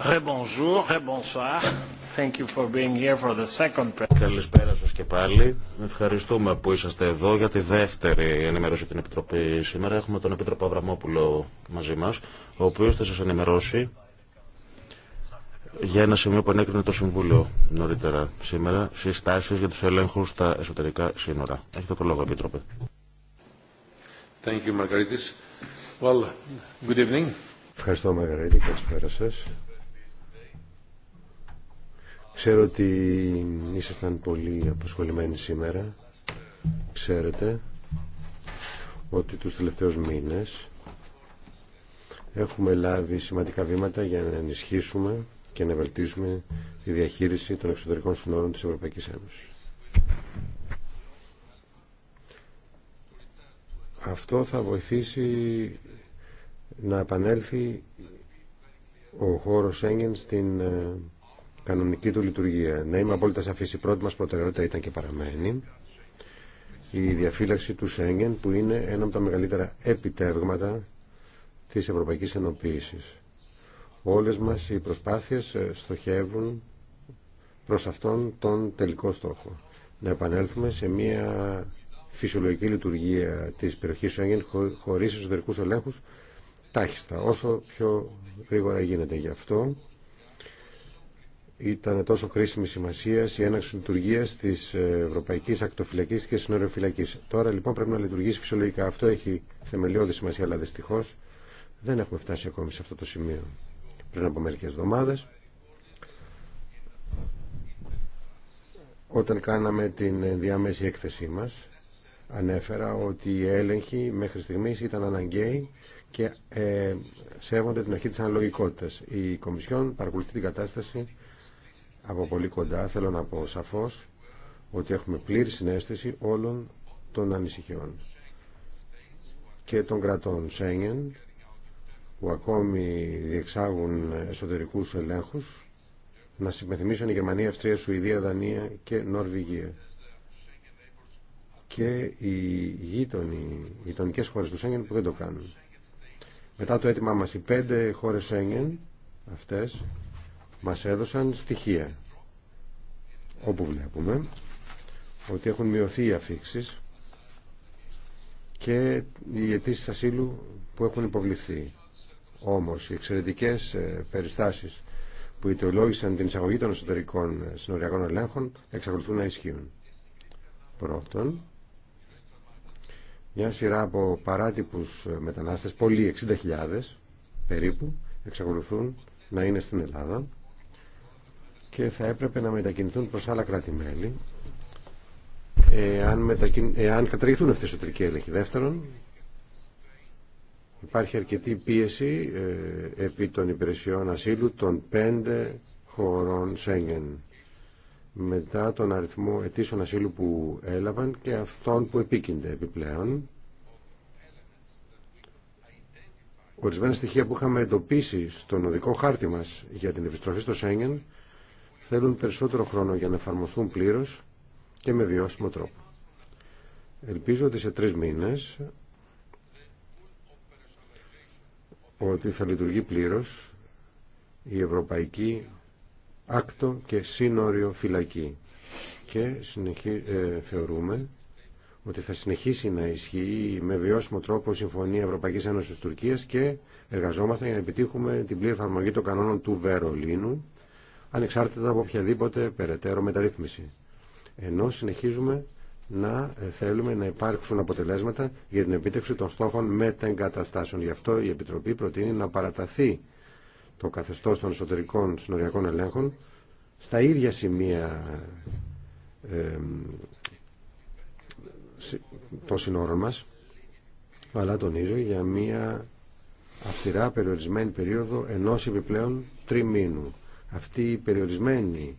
Rebonjour, Καλησπέρα σας και πάλι. Ευχαριστούμε που είσαστε εδώ για τη δεύτερη ενημέρωση την Επιτροπή σήμερα. Έχουμε τον Επίτροπο Αβραμόπουλο μαζί μας, ο οποίος θα σας ενημερώσει για ένα σημείο που ανέκρινε το Συμβούλιο νωρίτερα σήμερα, συστάσεις για τους ελέγχους στα εσωτερικά σύνορα. Έχετε το λόγο, Επίτροπε. Thank Ευχαριστώ, Μαργαρίτη. Καλησπέρα σας. Ξέρω ότι ήσασταν πολύ απασχολημένοι σήμερα. Ξέρετε ότι τους τελευταίους μήνες έχουμε λάβει σημαντικά βήματα για να ενισχύσουμε και να βελτίσουμε τη διαχείριση των εξωτερικών συνόρων της Ευρωπαϊκής Ένωσης. Αυτό θα βοηθήσει να επανέλθει ο χώρος Σέγγεν στην ε, κανονική του λειτουργία. Να είμαι απόλυτα σαφή, η πρώτη μα προτεραιότητα ήταν και παραμένει η διαφύλαξη του Σέγγεν, που είναι ένα από τα μεγαλύτερα επιτεύγματα τη Ευρωπαϊκή Ενοποίηση. Όλε μα οι προσπάθειε ε, στοχεύουν προ αυτόν τον τελικό στόχο. Να επανέλθουμε σε μια φυσιολογική λειτουργία τη περιοχή Σέγγεν χωρί εσωτερικού ελέγχου τάχιστα, όσο πιο γρήγορα γίνεται. Γι' αυτό ήταν τόσο κρίσιμη σημασία η έναξη λειτουργία τη Ευρωπαϊκή Ακτοφυλακή και Συνοριοφυλακή. Τώρα λοιπόν πρέπει να λειτουργήσει φυσιολογικά. Αυτό έχει θεμελιώδη σημασία, αλλά δυστυχώ δεν έχουμε φτάσει ακόμη σε αυτό το σημείο. Πριν από μερικέ εβδομάδε, όταν κάναμε την διάμεση έκθεσή μα, ανέφερα ότι οι έλεγχοι μέχρι στιγμή ήταν αναγκαίοι και ε, σέβονται την αρχή τη αναλογικότητα. Η Κομισιόν παρακολουθεί την κατάσταση από πολύ κοντά θέλω να πω σαφώς ότι έχουμε πλήρη συνέστηση όλων των ανησυχιών και των κρατών Σέγγεν που ακόμη διεξάγουν εσωτερικούς ελέγχους να συμπεθυμίσουν η Γερμανία, Αυστρία, Σουηδία, Δανία και Νορβηγία και οι γείτονοι, οι γειτονικές χώρες του Σέγγεν που δεν το κάνουν μετά το αίτημά μας οι πέντε χώρες Σέγγεν αυτές μας έδωσαν στοιχεία όπου βλέπουμε ότι έχουν μειωθεί οι αφήξεις και οι αιτήσει ασύλου που έχουν υποβληθεί. Όμως οι εξαιρετικές ε, περιστάσεις που ιδεολόγησαν την εισαγωγή των εσωτερικών ε, συνοριακών ελέγχων εξακολουθούν να ισχύουν. Πρώτον, μια σειρά από παράτυπους ε, μετανάστες, πολλοί 60.000 περίπου, εξακολουθούν να είναι στην Ελλάδα και θα έπρεπε να μετακινηθούν προς άλλα κράτη-μέλη εάν, μετακιν... καταργηθούν αυτές οι εσωτερικοί έλεγχοι. Δεύτερον, υπάρχει αρκετή πίεση ε, επί των υπηρεσιών ασύλου των πέντε χωρών Σέγγεν μετά τον αριθμό αιτήσεων ασύλου που έλαβαν και αυτών που επίκυνται επιπλέον. Ορισμένα στοιχεία που είχαμε εντοπίσει στον οδικό χάρτη μας για την επιστροφή στο Σέγγεν θέλουν περισσότερο χρόνο για να εφαρμοστούν πλήρως και με βιώσιμο τρόπο. Ελπίζω ότι σε τρεις μήνες ότι θα λειτουργεί πλήρως η Ευρωπαϊκή Άκτο και Σύνοριο Φυλακή και συνεχί, ε, θεωρούμε ότι θα συνεχίσει να ισχύει με βιώσιμο τρόπο η Συμφωνία Ευρωπαϊκής Ένωσης Τουρκίας και εργαζόμαστε για να επιτύχουμε την πλήρη εφαρμογή των κανόνων του Βερολίνου ανεξάρτητα από οποιαδήποτε περαιτέρω μεταρρύθμιση. Ενώ συνεχίζουμε να ε, θέλουμε να υπάρξουν αποτελέσματα για την επίτευξη των στόχων μετεγκαταστάσεων. Γι' αυτό η Επιτροπή προτείνει να παραταθεί το καθεστώς των εσωτερικών συνοριακών ελέγχων στα ίδια σημεία ε, των συνόρων μας, αλλά τονίζω για μία αυστηρά περιορισμένη περίοδο ενός επιπλέον τριμήνου. Αυτή η περιορισμένη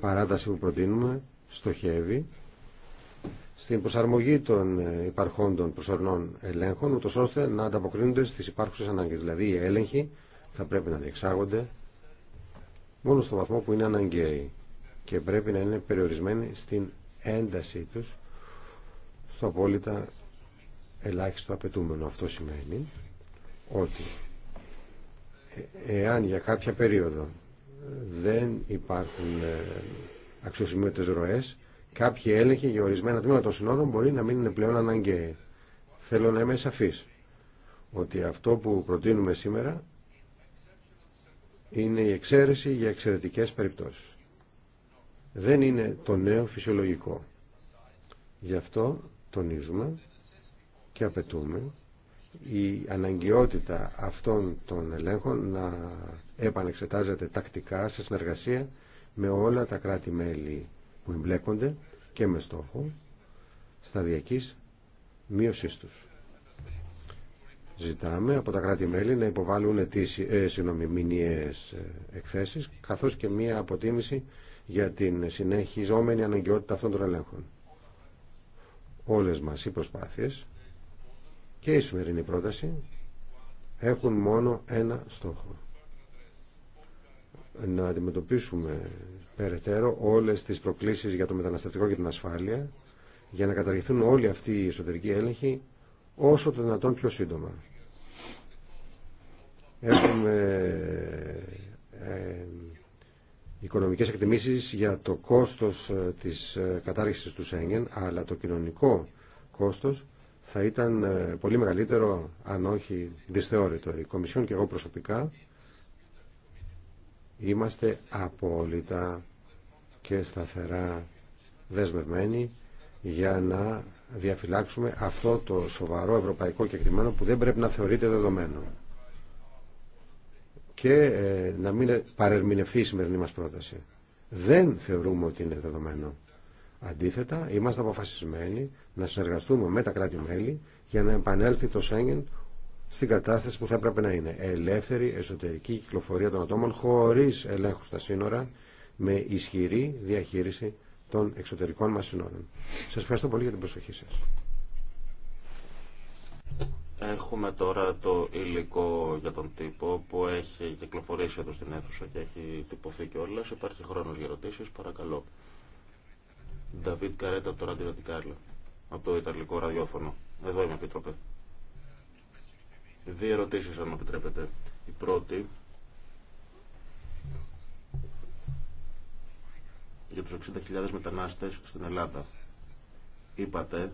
παράταση που προτείνουμε στοχεύει στην προσαρμογή των ε, υπαρχόντων προσωρινών ελέγχων, ούτως ώστε να ανταποκρίνονται στις υπάρχουσες ανάγκες. Δηλαδή οι έλεγχοι θα πρέπει να διεξάγονται μόνο στο βαθμό που είναι αναγκαίοι και πρέπει να είναι περιορισμένοι στην έντασή τους στο απόλυτα ελάχιστο απαιτούμενο. Αυτό σημαίνει ότι ε, εάν για κάποια περίοδο δεν υπάρχουν ε, αξιοσημείωτες ροές. Κάποιοι έλεγχοι για ορισμένα τμήματα των συνόρων μπορεί να μην είναι πλέον αναγκαίοι. Θέλω να είμαι σαφής ότι αυτό που προτείνουμε σήμερα είναι η εξαίρεση για εξαιρετικές περιπτώσεις. Δεν είναι το νέο φυσιολογικό. Γι' αυτό τονίζουμε και απαιτούμε η αναγκαιότητα αυτών των ελέγχων να επανεξετάζεται τακτικά σε συνεργασία με όλα τα κράτη-μέλη που εμπλέκονται και με στόχο σταδιακής μείωσής τους. Ζητάμε από τα κράτη-μέλη να υποβάλουν ε, μηνιαίες ε, εκθέσεις καθώς και μία αποτίμηση για την συνεχιζόμενη αναγκαιότητα αυτών των ελέγχων. Όλες μας οι προσπάθειες και η σημερινή πρόταση έχουν μόνο ένα στόχο να αντιμετωπίσουμε περαιτέρω όλες τις προκλήσεις για το μεταναστευτικό και την ασφάλεια για να καταργηθούν όλοι αυτοί οι εσωτερικοί έλεγχοι όσο το δυνατόν πιο σύντομα. Έχουμε ε, οικονομικές εκτιμήσεις για το κόστος ε, της ε, κατάργησης του Σέγγεν, αλλά το κοινωνικό κόστος θα ήταν πολύ μεγαλύτερο, αν όχι δυσθεώρητο. Η Κομισιόν και εγώ προσωπικά Είμαστε απόλυτα και σταθερά δεσμευμένοι για να διαφυλάξουμε αυτό το σοβαρό ευρωπαϊκό κεκτημένο που δεν πρέπει να θεωρείται δεδομένο και ε, να μην παρερμηνευθεί η σημερινή μας πρόταση. Δεν θεωρούμε ότι είναι δεδομένο. Αντίθετα, είμαστε αποφασισμένοι να συνεργαστούμε με τα κράτη-μέλη για να επανέλθει το Σέγγεν στην κατάσταση που θα έπρεπε να είναι. Ελεύθερη εσωτερική κυκλοφορία των ατόμων χωρίς ελέγχου στα σύνορα με ισχυρή διαχείριση των εξωτερικών μας σύνορων. Σας ευχαριστώ πολύ για την προσοχή σας. Έχουμε τώρα το υλικό για τον τύπο που έχει κυκλοφορήσει εδώ στην αίθουσα και έχει τυπωθεί και όλες. Υπάρχει χρόνος για ερωτήσει, Παρακαλώ. Νταβίτ Καρέτα από το από το Ιταλικό ραδιόφωνο. Εδώ είμαι, Επίτροπε. Δύο ερωτήσεις, αν επιτρέπετε. Η πρώτη, για τους 60.000 μετανάστες στην Ελλάδα. Είπατε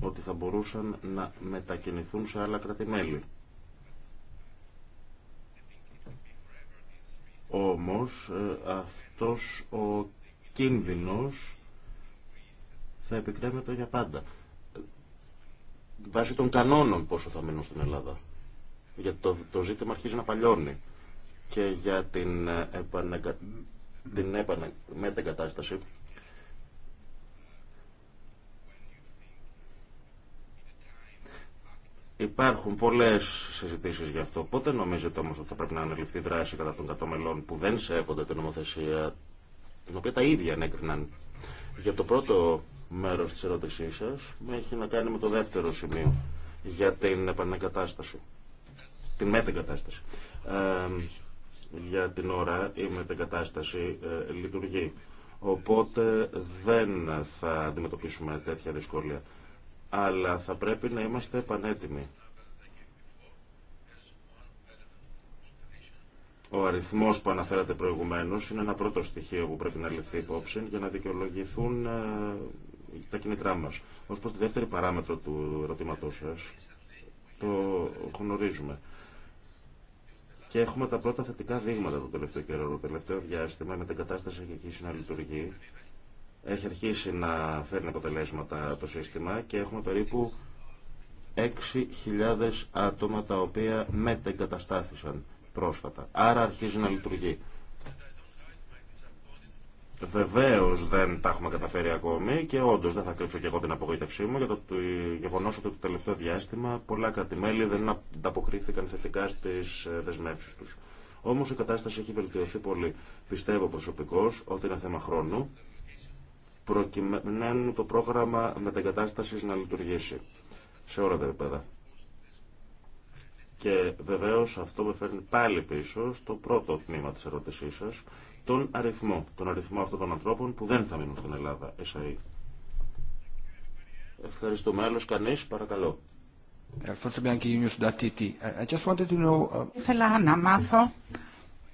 ότι θα μπορούσαν να μετακινηθούν σε άλλα κρατημέλη. Όμως ε, αυτός ο κίνδυνος θα επικρέμεται για πάντα βάσει των κανόνων πόσο θα μείνουν στην Ελλάδα. Γιατί το, ζήτημα αρχίζει να παλιώνει και για την, ε, επανεγκα... μετεγκατάσταση. Υπάρχουν πολλές συζητήσεις γι' αυτό. Πότε νομίζετε όμως ότι θα πρέπει να αναλυφθεί δράση κατά των κατομέλων που δεν σέβονται την νομοθεσία την οποία τα ίδια ανέκριναν. Για το πρώτο μέρος της ερώτησής σας έχει να κάνει με το δεύτερο σημείο για την επανεκατάσταση, την μετεγκατάσταση. για την ώρα η μετεγκατάσταση ε, λειτουργεί. Οπότε δεν θα αντιμετωπίσουμε τέτοια δυσκολία. Αλλά θα πρέπει να είμαστε επανέτοιμοι. Ο αριθμός που αναφέρατε προηγουμένως είναι ένα πρώτο στοιχείο που πρέπει να ληφθεί υπόψη για να δικαιολογηθούν ε, τα κινητρά μας. Ως προς τη δεύτερη παράμετρο του ερωτήματός σας, το γνωρίζουμε. Και έχουμε τα πρώτα θετικά δείγματα το τελευταίο καιρό, το τελευταίο διάστημα, με την κατάσταση και εκεί να λειτουργεί. Έχει αρχίσει να φέρνει αποτελέσματα το σύστημα και έχουμε περίπου 6.000 άτομα τα οποία μετεγκαταστάθησαν πρόσφατα. Άρα αρχίζει να λειτουργεί. Βεβαίω δεν τα έχουμε καταφέρει ακόμη και όντω δεν θα κρύψω και εγώ την απογοήτευσή μου για το γεγονό ότι το τελευταίο διάστημα πολλά κρατημέλη δεν ανταποκρίθηκαν θετικά στι ε, δεσμεύσει του. Όμω η κατάσταση έχει βελτιωθεί πολύ. Πιστεύω προσωπικώ ότι είναι θέμα χρόνου προκειμένου το πρόγραμμα μεταγκατάσταση να λειτουργήσει σε όλα τα επίπεδα. Και βεβαίω αυτό με φέρνει πάλι πίσω στο πρώτο τμήμα τη ερώτησή σα τον αριθμό, τον αριθμό αυτών των ανθρώπων που δεν θα μείνουν στην Ελλάδα, ΕΣΑΗ. Ευχαριστούμε. Άλλος κανείς, παρακαλώ. Uh, Ήθελα να μάθω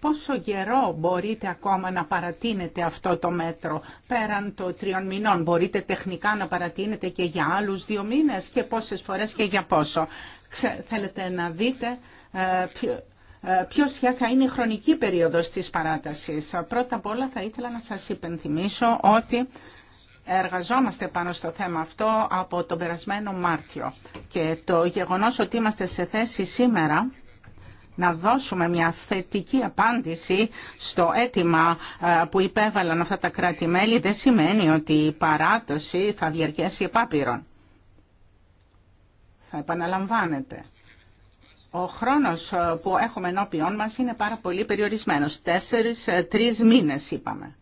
πόσο καιρό μπορείτε ακόμα να παρατείνετε αυτό το μέτρο πέραν των τριών μηνών. Μπορείτε τεχνικά να παρατείνετε και για άλλους δύο μήνες και πόσες φορές και για πόσο. θέλετε να δείτε ε, ποιο, ε, ποιος θα είναι η χρονική περίοδος της παράτασης. Πρώτα απ' όλα θα ήθελα να σας υπενθυμίσω ότι εργαζόμαστε πάνω στο θέμα αυτό από τον περασμένο Μάρτιο και το γεγονός ότι είμαστε σε θέση σήμερα να δώσουμε μια θετική απάντηση στο αίτημα ε, που υπέβαλαν αυτά τα κράτη-μέλη δεν σημαίνει ότι η παράταση θα διαρκέσει επάπειρον. Θα επαναλαμβάνεται. Ο χρόνος ε, που έχουμε ενώπιόν μας είναι πάρα πολύ περιορισμένος. Τέσσερις, ε, τρεις μήνες είπαμε.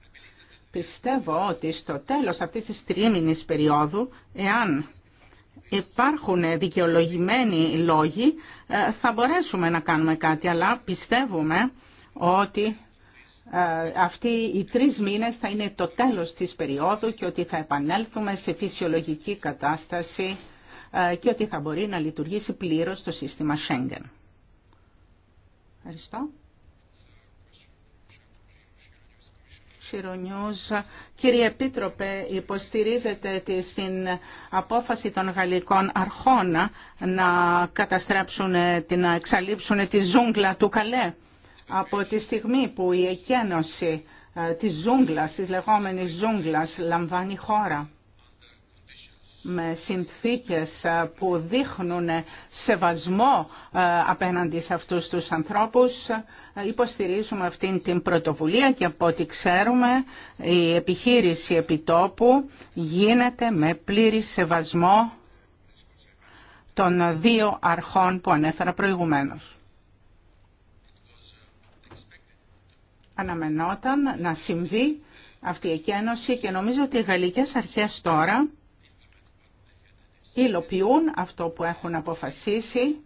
Πιστεύω ότι στο τέλος αυτής της τρίμηνης περίοδου, εάν υπάρχουν δικαιολογημένοι λόγοι, ε, θα μπορέσουμε να κάνουμε κάτι, αλλά πιστεύουμε ότι αυτοί οι τρεις μήνες θα είναι το τέλος της περίοδου και ότι θα επανέλθουμε στη φυσιολογική κατάσταση ε, και ότι θα μπορεί να λειτουργήσει πλήρως το σύστημα Schengen. Ευχαριστώ. Κύριε Επίτροπε, υποστηρίζετε την απόφαση των γαλλικών αρχών να καταστρέψουν, να εξαλείψουν τη ζούγκλα του Καλέ από τη στιγμή που η εκένωση ε, της ζούγκλας, της λεγόμενης ζούγκλας, λαμβάνει χώρα με συνθήκες που δείχνουν σεβασμό απέναντι σε αυτούς τους ανθρώπους. Υποστηρίζουμε αυτήν την πρωτοβουλία και από ό,τι ξέρουμε η επιχείρηση επιτόπου γίνεται με πλήρη σεβασμό των δύο αρχών που ανέφερα προηγουμένως. Αναμενόταν να συμβεί αυτή η εκένωση και νομίζω ότι οι γαλλικές αρχές τώρα υλοποιούν αυτό που έχουν αποφασίσει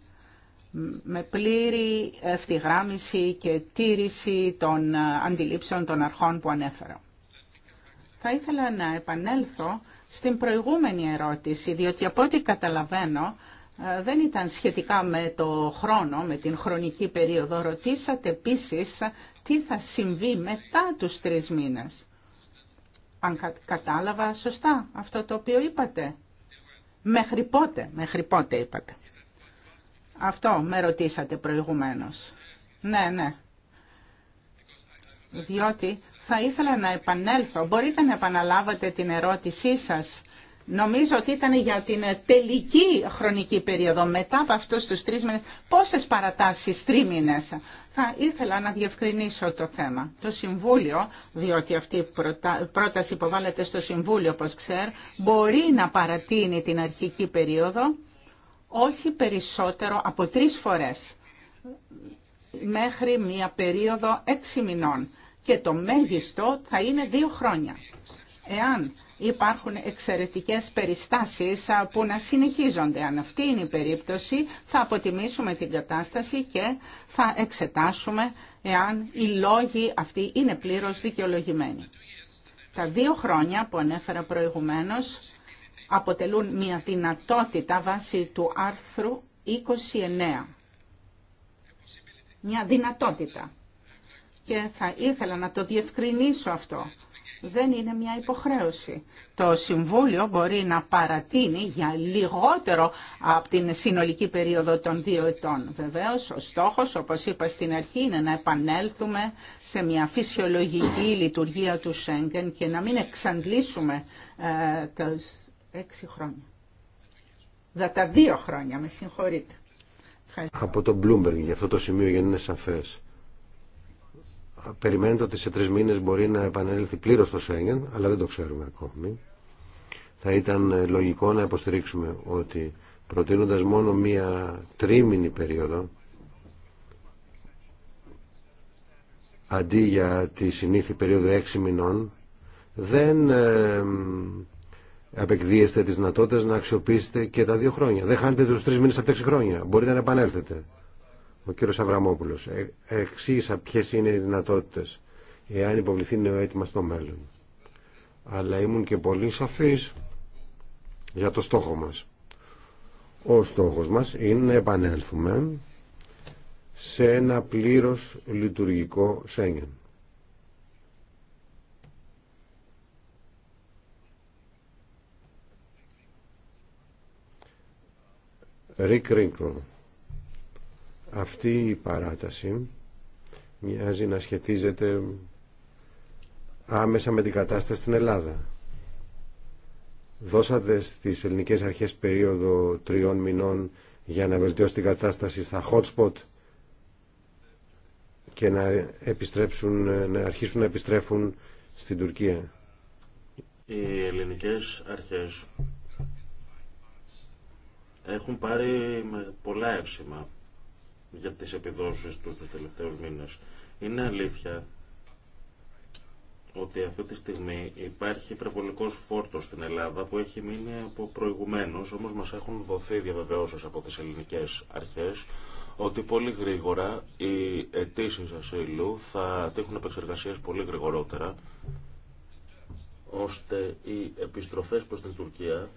με πλήρη ευθυγράμμιση και τήρηση των ε, αντιλήψεων των αρχών που ανέφερα. Θα ήθελα να επανέλθω στην προηγούμενη ερώτηση, διότι από ό,τι καταλαβαίνω ε, δεν ήταν σχετικά με το χρόνο, με την χρονική περίοδο. Ρωτήσατε επίσης τι θα συμβεί μετά τους τρεις μήνες. Αν κατάλαβα σωστά αυτό το οποίο είπατε. Μέχρι πότε, μέχρι πότε είπατε. Αυτό με ρωτήσατε προηγουμένως. Ναι, ναι. Διότι θα ήθελα να επανέλθω. Μπορείτε να επαναλάβετε την ερώτησή σας Νομίζω ότι ήταν για την τελική χρονική περίοδο μετά από αυτούς τους τρεις μήνες. Πόσες παρατάσεις μήνες Θα ήθελα να διευκρινίσω το θέμα. Το Συμβούλιο, διότι αυτή η πρόταση υποβάλλεται στο Συμβούλιο, όπως ξέρει, μπορεί να παρατείνει την αρχική περίοδο όχι περισσότερο από τρεις φορές μέχρι μία περίοδο έξι μηνών και το μέγιστο θα είναι δύο χρόνια εάν υπάρχουν εξαιρετικές περιστάσεις που να συνεχίζονται. Αν αυτή είναι η περίπτωση, θα αποτιμήσουμε την κατάσταση και θα εξετάσουμε εάν οι λόγοι αυτοί είναι πλήρως δικαιολογημένοι. Τα δύο χρόνια που ανέφερα προηγουμένως αποτελούν μια δυνατότητα βάσει του άρθρου 29. Μια δυνατότητα. Και θα ήθελα να το διευκρινίσω αυτό δεν είναι μια υποχρέωση. Το Συμβούλιο μπορεί να παρατείνει για λιγότερο από την συνολική περίοδο των δύο ετών. Βεβαίως, ο στόχος, όπως είπα στην αρχή, είναι να επανέλθουμε σε μια φυσιολογική λειτουργία του Σέγγεν και να μην εξαντλήσουμε ε, τα έξι χρόνια. Δα τα δύο χρόνια, με συγχωρείτε. Από το Bloomberg, για αυτό το σημείο για να είναι σαφές περιμένετε ότι σε τρεις μήνες μπορεί να επανέλθει πλήρως το Σέγγεν, αλλά δεν το ξέρουμε ακόμη. Θα ήταν λογικό να υποστηρίξουμε ότι προτείνοντας μόνο μία τρίμηνη περίοδο, αντί για τη συνήθη περίοδο έξι μηνών, δεν ε, απεκδίεστε τις δυνατότητε να αξιοποιήσετε και τα δύο χρόνια. Δεν χάνετε τους τρεις μήνες από τα έξι χρόνια. Μπορείτε να επανέλθετε ο κύριος Αβραμόπουλος. Ε, εξήγησα ποιες είναι οι δυνατότητες εάν υποβληθεί νέο αίτημα στο μέλλον. Αλλά ήμουν και πολύ σαφής για το στόχο μας. Ο στόχος μας είναι να επανέλθουμε σε ένα πλήρως λειτουργικό Σέγγεν. Ρίκ Rinkle. Αυτή η παράταση μοιάζει να σχετίζεται άμεσα με την κατάσταση στην Ελλάδα. Δώσατε στις ελληνικές αρχές περίοδο τριών μηνών για να βελτιώσει την κατάσταση στα hot spot και να, επιστρέψουν, να αρχίσουν να επιστρέφουν στην Τουρκία. Οι ελληνικές αρχές έχουν πάρει πολλά έψημα για τις επιδόσεις τους τους τελευταίους μήνες. Είναι αλήθεια ότι αυτή τη στιγμή υπάρχει υπερβολικός φόρτος στην Ελλάδα που έχει μείνει από προηγουμένως όμως μας έχουν δοθεί διαβεβαιώσεις από τις ελληνικές αρχές ότι πολύ γρήγορα οι αιτήσει ασύλου θα τύχουν επεξεργασίες πολύ γρηγορότερα ώστε οι επιστροφές προς την Τουρκία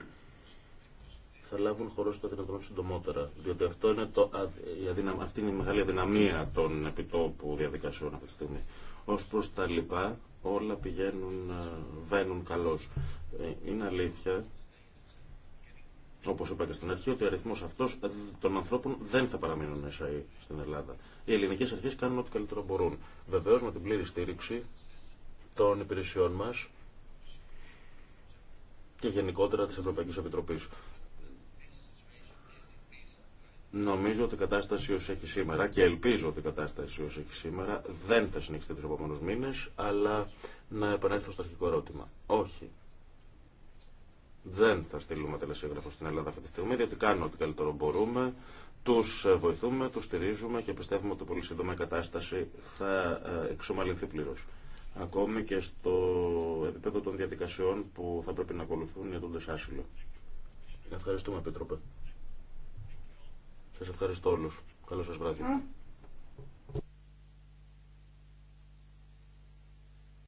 θα λάβουν χώρο στο δυνατόν συντομότερα. Διότι αυτό είναι το, αυτή είναι η μεγάλη αδυναμία των επιτόπου διαδικασιών αυτή τη στιγμή. Ω προ τα λοιπά, όλα πηγαίνουν, ε, βαίνουν καλώ. Ε, είναι αλήθεια, όπω είπα και στην αρχή, ότι ο αριθμό αυτό των ανθρώπων δεν θα παραμείνουν μέσα στην Ελλάδα. Οι ελληνικέ αρχέ κάνουν ό,τι καλύτερο μπορούν. Βεβαίω με την πλήρη στήριξη των υπηρεσιών μα και γενικότερα τη Ευρωπαϊκή Επιτροπή. Νομίζω ότι η κατάσταση όσο έχει σήμερα και ελπίζω ότι η κατάσταση όσο έχει σήμερα δεν θα συνεχιστεί του επόμενου μήνε, αλλά να επανέλθω στο αρχικό ερώτημα. Όχι. Δεν θα στείλουμε τελεσίγραφο στην Ελλάδα αυτή τη στιγμή, διότι κάνουμε ό,τι καλύτερο μπορούμε. Του βοηθούμε, του στηρίζουμε και πιστεύουμε ότι πολύ σύντομα η κατάσταση θα ε, εξομαλυνθεί πλήρω. Ακόμη και στο επίπεδο των διαδικασιών που θα πρέπει να ακολουθούν οι τον άσυλο. Ευχαριστούμε, Επίτροπε. Σας ευχαριστώ όλους. Καλό σας βράδυ.